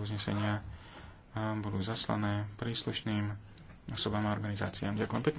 uznesenia budú zaslané príslušným osobám a organizáciám. Ďakujem pekne.